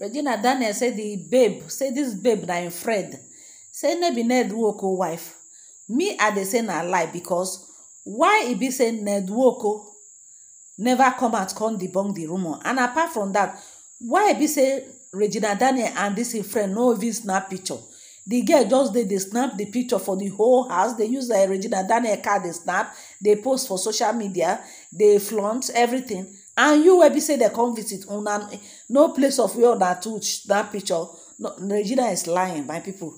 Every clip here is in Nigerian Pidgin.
regina daniel say the babe say this babe na im friend say no be ned nwoko wife me i dey say na lie because why e be say ned nwoko never come out come debunk the rumour and apart from that why e be say regina daniel and this im friend no even snap picture the girl just dey dey snap the picture for the whole house dey use uh, regina daniel card dey snap dey post for social media dey flaunt everything and you wey be say dem come visit una no place of where that touch that picture no nigeria is lying my people.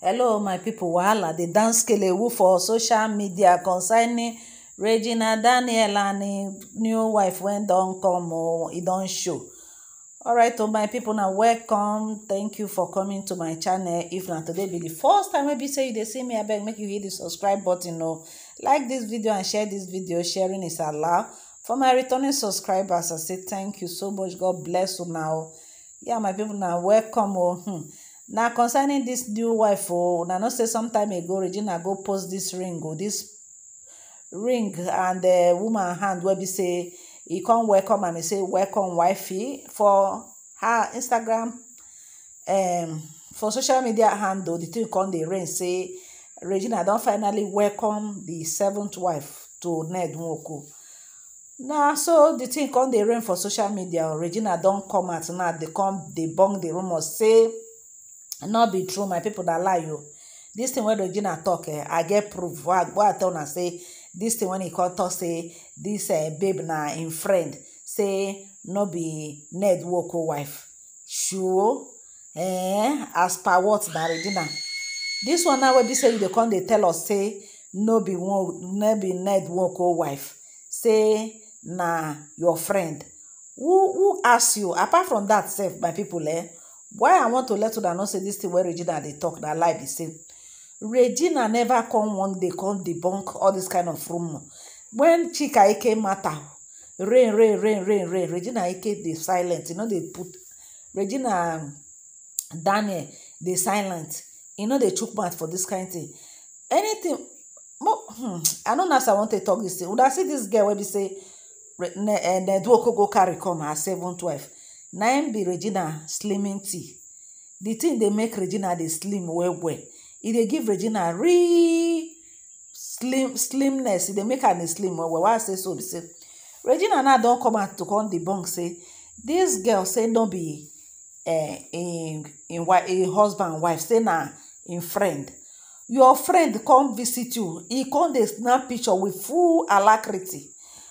hello my people wahala the dance who for social media concerning regina daniel and new wife wey don't come or oh, he don't show alright o oh, my people, now welcome thank you for coming to my channel if not today be the first time maybe say they see me I beg make you hit the subscribe button o oh. like this video and share this video sharing is allowed For my returning subscribers, I say thank you so much. God bless you now. Yeah, my people now, welcome. Oh, hmm. Now, concerning this new wife, oh, now, not say some time ago, Regina go post this ring, oh, this ring and the woman hand where be say, he come welcome and he say, welcome wifey for her Instagram, um, for social media handle, oh, the thing come the ring say, Regina don't finally welcome the seventh wife to Ned Nwoko. na so the thing, come dey rain for social media regina don come out now dey come debunk di rumour say no be true my people na lie o oh. This thing wey regina talk, eh i get proof wey i tell na say this thing wen he come tok say dis eh, babe na im friend say no be ned nwoko wife sure eh as per what na regina This one now wey be say you dey come dey tell us say no be ned nwoko wife say na your friend who who ask you apart from that sef my people eh why i want to let you know say this thing where regina they talk that lie be say regina never come one day come debunk all this kind of rumor When chika ike matter rain rain rain rain rain regina ike the silent You know they put regina um, daniel they silent You know they took mouth for this kind of thing anything mo hmm i not know if i want to talk this thing I see this girl where be say Nedwoko eh, go carry come her seventh wife. Na im be Regina slimming tea. The thing dey make Regina dey slim well well. E dey give Regina re slim slimness. E dey make her dey slim well well. Why I say so be say Regina now don come out to come debunk say this girl say no be uh, eh, im im im husband wife say na im friend. Your friend come visit you. E come dey snap picture with full alacrity.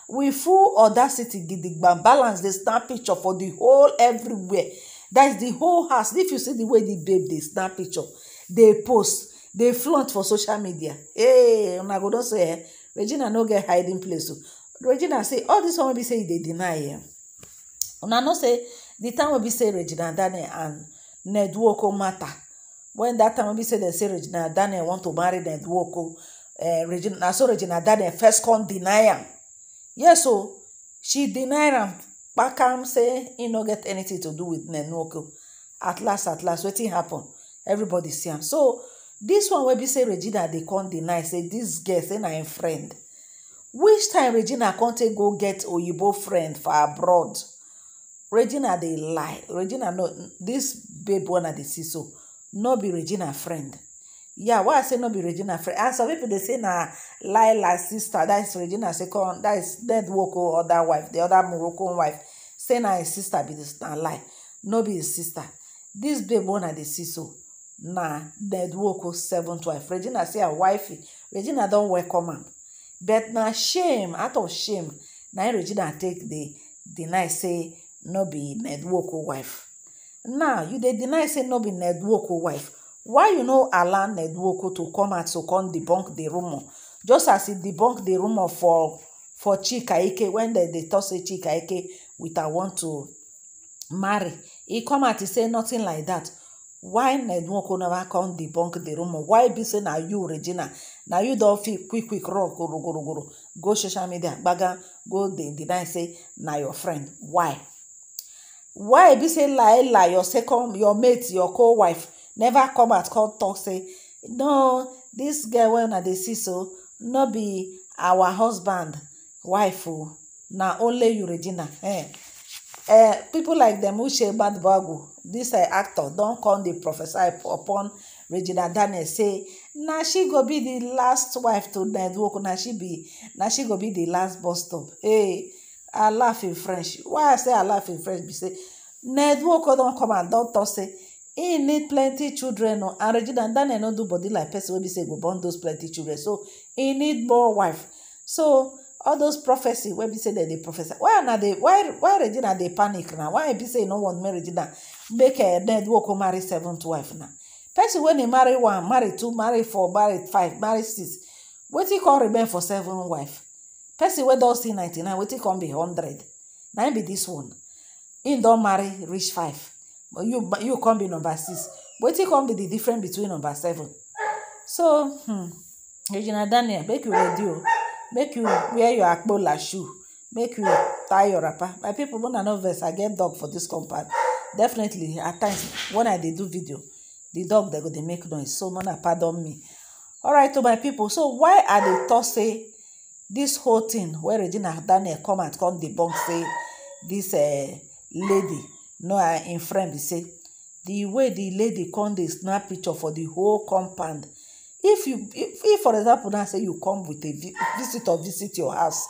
with full audacity gidigba balance the snap picture for the whole everywhere that is the whole house if you see the way the babe they snap picture they post they flaunt for social media hey na go don't say eh regina no get hiding place oh. regina say all this one be say they deny eh na know say the time will be say regina daniel and nedwoko matter when that time will be say they say regina daniel want to marry nedwoko eh regina na so regina daniel first come deny am yes o she deny am kpakam say e no get anytin to do wit nenoko at last at last wetin happun everybody see am so dis one wey be say regina dey kon deny say dis girl say na im friend which time regina kon take go get oyibo friend for abroad regina dey lie regina no dis babe wey i dey see so no be regina friend. yeah why i say no be regina friend and some people they say na Lila's sister that is regina second that is dead woko other wife the other moroccan wife say na his sister be this na lie no be his sister This babe one at the see so na dead woko seventh wife regina say her wife regina don't welcome am but na shame out of shame na regina take the deny say no be Woko wife now you they deny say no be Woko wife why you no allow Nedwoko to come and to come debunk di rumor just as e debunk di rumor for for chikaike wen dem dey talk say chikaike wit her want to marry e come at e say nothing like dat why Nedwoko never come debunk di rumor why be say na you regina na you don fit quick quick run goro go social media gbaga go dey deny say na your friend why. why be say lie lie your second your mate your co wife. never com out come tok say no dis girl wey una dey see so no be our husband wife o na only you regina eh, eh pipo like dem wey shame dis actor don come dey prophesy upon regina daniel say na she go be di last wife to networ na she be na she go be di last hey eh, i laugh in french why i say laugh in french be say network don tok say. He need plenty children no? Oh. and regina daniel no do body like person will be say go born those plenty children so he need more wife so all those prophecy wey be say that the prophesy why na they why why regina they panic now? why be say no want marry regina make her eh, walk woko marry seventh wife now. person when he marry one marry two marry four marry five marry six he come remain for seven wife person when don see ninety-nine he come be hundred na be this one do don marry reach five but you you come be number six wetin come be the difference between number seven so hmm, regina daniel make you ready o oh. make you wear your akpola shoe make you tie your wrapper my people una no vex i get dog for this compound definitely at times when i dey do video the dog dey go dey make noise so una pardon me All right, to oh, my people so why i dey talk say this whole thing wey regina daniel come out come debunk say this uh, lady noah im friend be say "The way the lady come dey snap picture for the whole compound if you if if for example now say you come with a visitor visit your house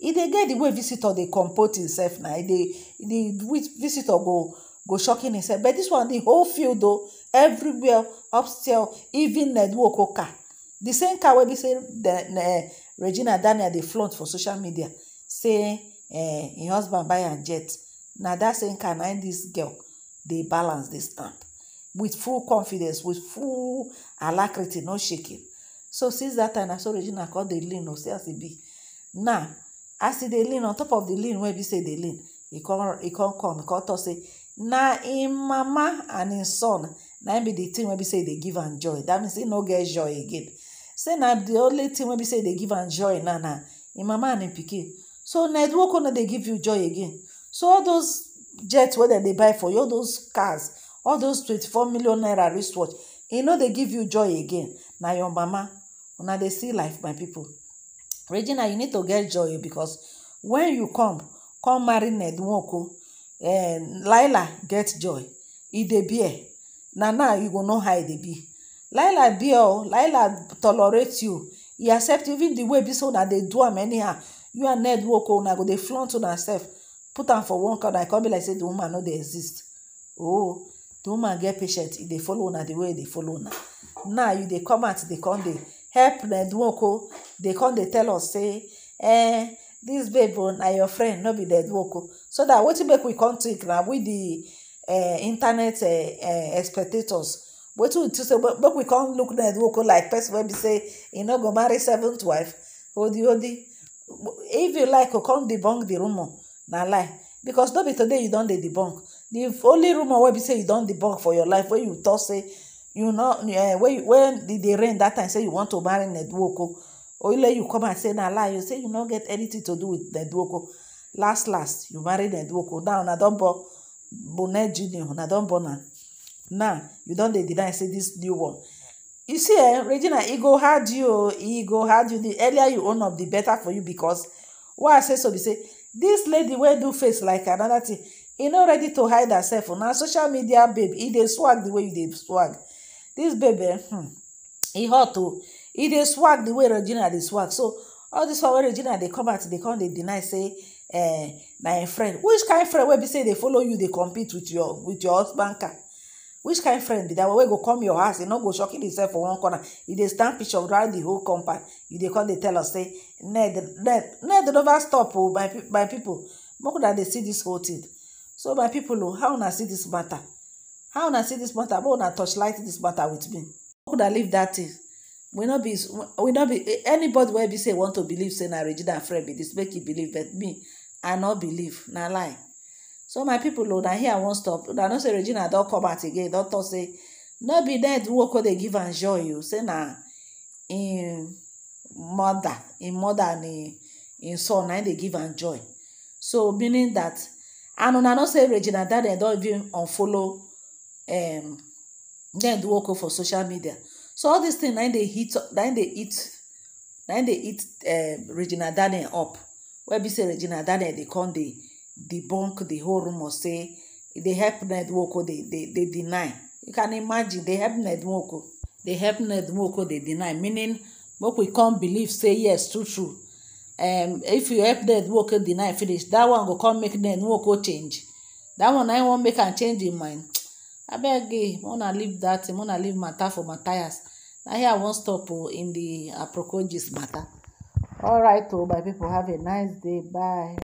e dey get the way visitor dey comport himself na e di e visitor go go shocking himself but this one the whole field o everywhere upstairs even nedwoko car The same car wey be say the regina daniel dey flaunt for social media say eh, im husband buy am jet na that same car na this girl dey balance dey stamp with full confidence with full alacrity no shaking so since that time na so regina come dey lean o see as e be now as e dey lean on top of the lean wey be say e dey lean e come e come come e come talk say na im mama and im son na im be the thing wey be say e dey give am joy that means im no get joy again say na the only thing wey be say e dey give am joy now na im mama and im pikin so na eduoko no dey give you joy again so all those jets wey dem dey buy for you all those cars all those twenty-four million naira wristwatch e no dey give you joy again na your mama una dey see life my people regina you need to get joy because when you come come marry ned nwoko eh, laila get joy e dey bear na now you go know how e dey be laila bear o laila tolerate you e accept even the way e be so una dey do am anyhow you and ned nwoko una go dey flaunt una sef put am for one corner i come be like say the woman no dey exist oh the woman get patient e dey follow una the way e dey follow una now you dey come out dey come dey help nedwoko oh. dey come dey tell us say eh this babe o oh, na your friend no be nedwoko oh. so that wetin make we come think na we the uh, internet uh, eh, uh, eh, spectators wetin we think say make we come look nedwoko like person wey be say e no go marry seventh wife hodi hodi if you like o come debunk the rumour na lie because no be today you don dey debunk the only rumor wey be say you don debunk for your life wey you talk say you know eh, when e dey rain that time say you want to marry nedwoko oile you come and say na lie you say you no get anything to do with nedwoko last last you marry nedwoko now na don born bonet junior na don born am now you don dey deny say this new one you see eh regina e go hard you o oh. e go hard you the earlier you own up the better for you because why i say so be say This lady wey do face like another thing e no ready to hide herself na social media babe e dey swag the way you dey swag This babe eh, hmm, e hot o e dey swag the way regina dey swag so all this one wey regina dey come out dey come dey deny say eh, na im friend which kind friend wey be say dey follow you dey compete with your with your husband car which kind friend be that one wey go come your house e no go shocking himself for one corner e dey stand picture round the whole compound you they come they tell us say net net net never stop oh my my people make una they see this whole thing so my people oh how una see this matter how una see this matter make touch light this matter with me make una leave that thing we no be we no be anybody wey be say want to believe say na regina friend be this make you e believe but me i no believe na lie so my people oh na here i wan stop una know say regina don come out again don talk say no be net nwoko dey give am joy o oh, say na im mother him mother and him, him son na him dey give am joy so meaning that and una know say regina daniel don even unfollow um, dem nwoko for social media so all these thing na him dey hit na him dey hit na him dey hit um, regina daniel up wey be say regina daniel dey come dey debunk the whole rumour say e dey help ned nwoko dey dey dey deny you can imagine dey help ned nwoko dey help ned nwoko dey deny meaning make we come believe say yes true true um if you help work the night finish that one go come make work nwoko change that one I im make and change in mind I abeg eh una leave that, thing una leave matter for matthias na here i wan stop oh, in the aproko gist matter alright o oh, my people have a nice day bye.